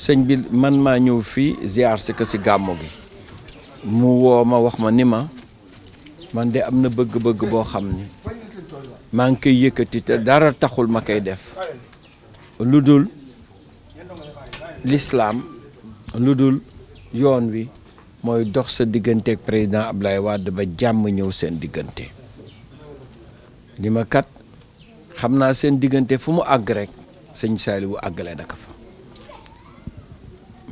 sëñ bi man maa ñëw fii ziar si ko si gàmmu gi mu woo ma wax ma ni ma man de am na bëgg-bëgg boo xam ni maa ngi koy yëkkati te dara taxul ma koy def lu dul lislaam lu dul yoon wi mooy dox sa digganteeg président Ablaye wàdd ba jàmm ñëw seen diggante li ma kat xam naa seen diggante fu mu àgg rek sëñ Saliou àggale na ko fa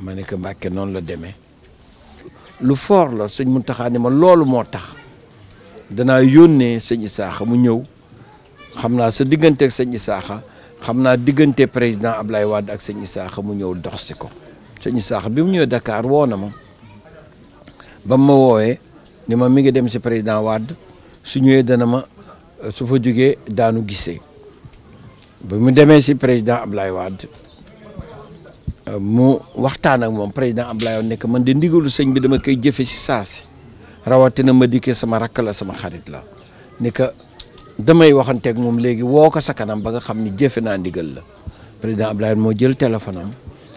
ma ne ko Mbàkke noonu la demee lu fort la sëñ Muntaxa ne ma loolu moo tax danaa yónnee sëñ Isaaxa mu ñëw xam naa sa diggante ak sëñ Isaaxa xam naa diggante président Ablaye Wade ak sëñ Isaaxa mu ñëw dox si ko sëñ Isaaxa bi mu ñëwee dakaar woo na ma ba ma woowee ni ma mi ngi dem si président Wade su ñëwee dana ma su fa jógee daanu gisee ba mu demee si président Ablaye Wade mu waxtaan ak moom président Abdoulaye nekk man de ndigalu sëñ bi dama koy jëfe si saa si rawatina ma dikkee sama rakk la sama xarit la ne que damay waxanteek moom léegi woo ko sa kanam ba nga xam ni jëfe naa ndigal la président Abdoulaye moo jël téléphone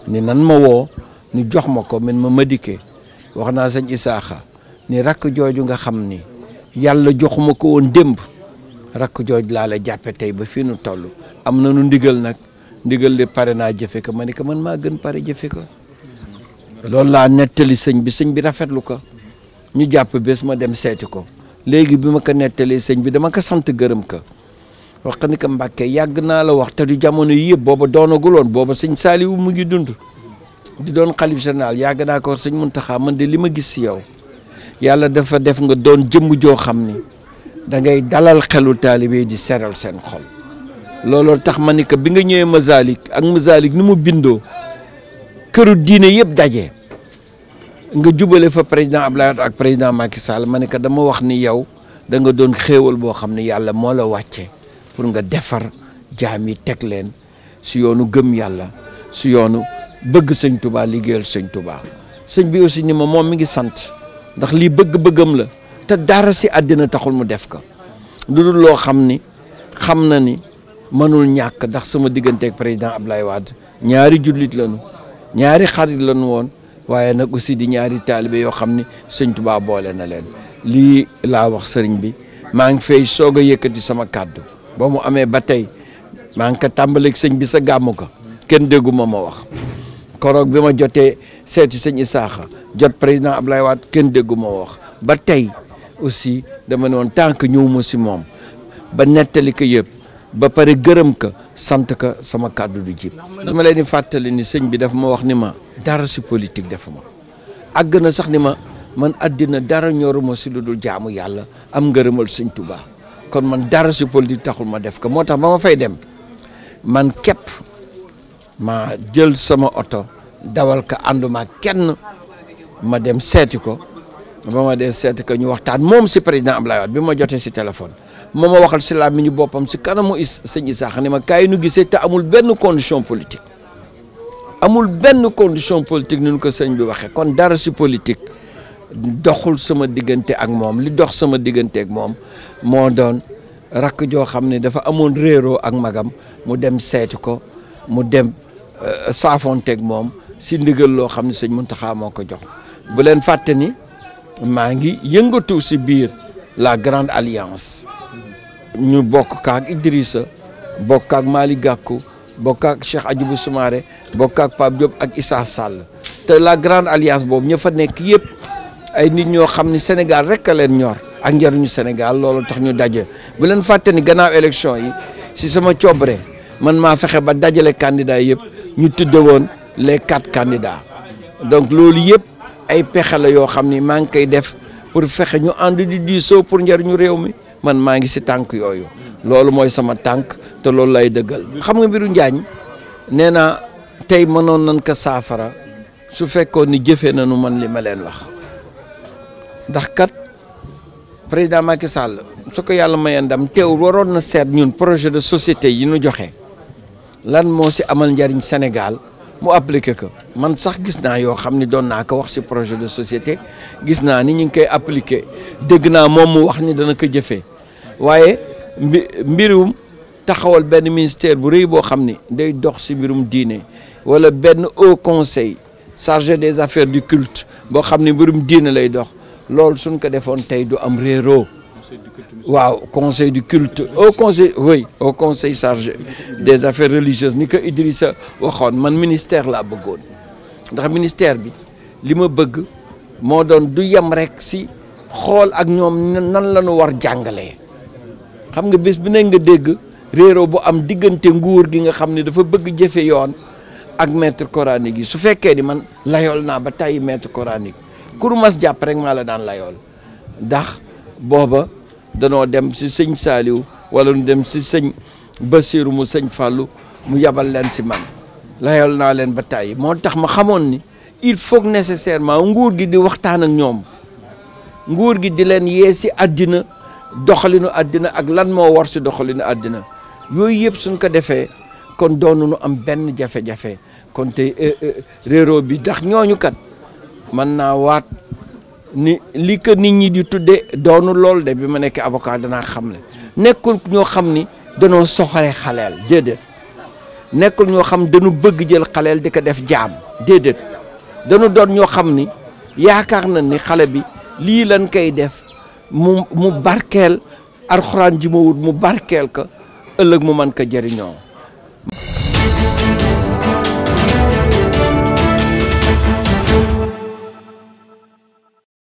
ni nan ma woo ni jox ma ko man ma ma dikke wax naa sëñ Isaaxa ni rakk jooju nga xam ni yàlla joxuma ko woon démb rakk jooj laa la jàppe tey ba fii nu toll am na nu ndigal nag ndigal li pare na jëfé ko ma ko man ma gën pare jëfé ko lool la netali sëñ bi sëñ bi rafetlu ko ñu japp bës ma dem seeti ko légui bima ko netali sëñ bi dama ko sant gërëm ko wax ni ko mbacké yag na la wax té du jamono yi doono bobu sëñ saliw mu ngi dund di doon khalif général yag na ko sëñ muntaha man de lima gis yow yalla dafa def nga doon jëm jo xamni da ngay dalal xelu talibé di seral sen xol looloo tax ma ni que bi nga ñëwee Mazaalik ak Mazaalik nu mu bindoo këru diine yëpp daje nga jubale fa président Abdoulaye Wade ak président Macky Sall ma ne que dama wax ni yow danga doon xéewal boo xam ne yàlla moo la wàcce pour nga defar jaam yi teg leen si yoonu gëm yàlla si yoonu bëgg sëñ Touba liggéeyal sëñ Touba sëñ bi aussi ni ma moom mi ngi sant ndax lii bëgg-bëggam la te daara si àddina taxul mu def ko lu dul loo xam ni xam na ni. manul ñak ndax sama ak président Ablaye Wade ñaari julit lañu ñaari xarit lañu won waye nak aussi di ñaari talibé yo xamni ni Touba bolé na leen li la wax sëriñ bi ma ngi fay soga yëkëti sama cadeau ba mu batei ba tey maa ngi tambalé kende sëñ bi sa gamu ko kenn dégguma ma wax korok bima joté séti seeti sëñ jot président Ablaye Wade kenn dégguma wax ba aussi dama non tank ñu ci mom ba netali ko ba pare gërëm ka sant ka sama kàddu du jib dama leen di fàttali ni sëñ bi daf ma wax ni ma dara si politique defu ma àgg na sax ni ma man àddina dara ñoruma si lu dul jaamu yàlla am ngërëmal sëñ Tuubaa kon man dara si politique taxul ma def ko moo tax ba ma fay dem man képp ma jël sama oto dawal ko ànduma kenn ma dem seeti ko ba ma dem seeti ko ñu waxtaan moom si président Ablaye Wade bi ma jotee si téléphone moo ma waxal si làmmiñu boppam si kanamu is sëñ Isaaxa ni ma kaay nu gisee te amul benn condition politique amul benn condition politique ni ko sëñ bi waxee kon dara si politique doxul sama diggante ak moom li dox sama diggante ak moom moo doon rakk joo xam ne dafa amoon réeroo ak magam mu dem seeti ko mu dem euh, saafoonteeg moom si ndigal loo xam ne sëñ Muntaxa moo ko jox bu leen fàtte ni maa ngi yëngatu si biir la grande alliance ñu bokk kaak Idrissa bokk ak Malick Gakou bokk ak Cheikh Adjibou Soumaré bokk ak Pape Diop ak Issa Sall te la grande alliance boobu ña fa nekk yëpp ay nit ñoo xam ni Sénégal rek a leen ñor ak njëriñu Sénégal loolu tax ñu daje bu leen fàtte ni gannaaw élection yi si sama coobare man maa fexe ba dajale candidats yëpp ñu tudde woon les quatre candidats donc loolu yëpp ay pexe la yoo xam ni maa ngi koy def pour fexe ñu ànd di diisoo pour njëriñu réew mi. man maa ngi si tànk yooyu loolu mooy sama tànk te loolu lay dëggal xam nga mbiru Njaañ nee na tey mënoon nañ ko saafara su fekkoon ni jëfee nañu man li ma leen wax ndax kat président Macky Sall su ko yàlla mayee ndam teew waroon na seet ñun projet de société yi nu joxe lan moo si amal njariñ Sénégal mu appliqué ko man sax gis naa yoo xam ne doon naa ko wax si projet de société gis naa ni ñu ngi koy appliqué dégg naa moom mu wax ni dana ko jëfee waye Mirum, mbirum taxawal ben ministère bu reuy bo xam day dox ci mbirum diine wala ben haut conseil chargé des affaires du culte bo xam ne mbirum diine lay dox loolu suñ ko defone tay du am réeroo waaw conseil du culte au conseil oui au conseil chargé des affaires religieuses ni ko Idrissa waxone man ministère la bëggoon ndax ministère bi lima bëgg moo doon du yam rek ci xol ak ñom nan lañu war jangale xam nga bes bine ne nga deg rero bu am diggante nguur gi nga xam dafa bëgg jëfé yoon ak maître coranique yi su fekkee ni man layol na ba tay maître coranique mas japp rek mala daan ndax boba dem ci seigne saliw wala ñu dem ci seigne basiru mu seigne fallu mu yabal len ci man layol na len ba tay mo tax ma xamone ni il faut nécessairement nguur gi di waxtaan ak ñom nguur gi di len yee si doxalinu àddina ak lan moo war si doxalinu àddina yooyu yëpp suñ ko defee kon doonunu am benn jafe-jafe kon tey eh, eh, réero bi ndax ñooñu kat mën naa waat ni li ko nit ñi di tudde doonu lool de bi ma nekkee avocat danaa xam ne nekkul ñoo xam ni danoo soxale xaleel déedéet nekkul ñoo xam dañu bëgg jël xaleel di ko def jaam déedéet dañu doon ñoo xam ni yaakaar na ni xale bi lii lan koy def mu mu barkeel alxuraan ji mu barkeel ko ëllëg mu mën ka jariñoo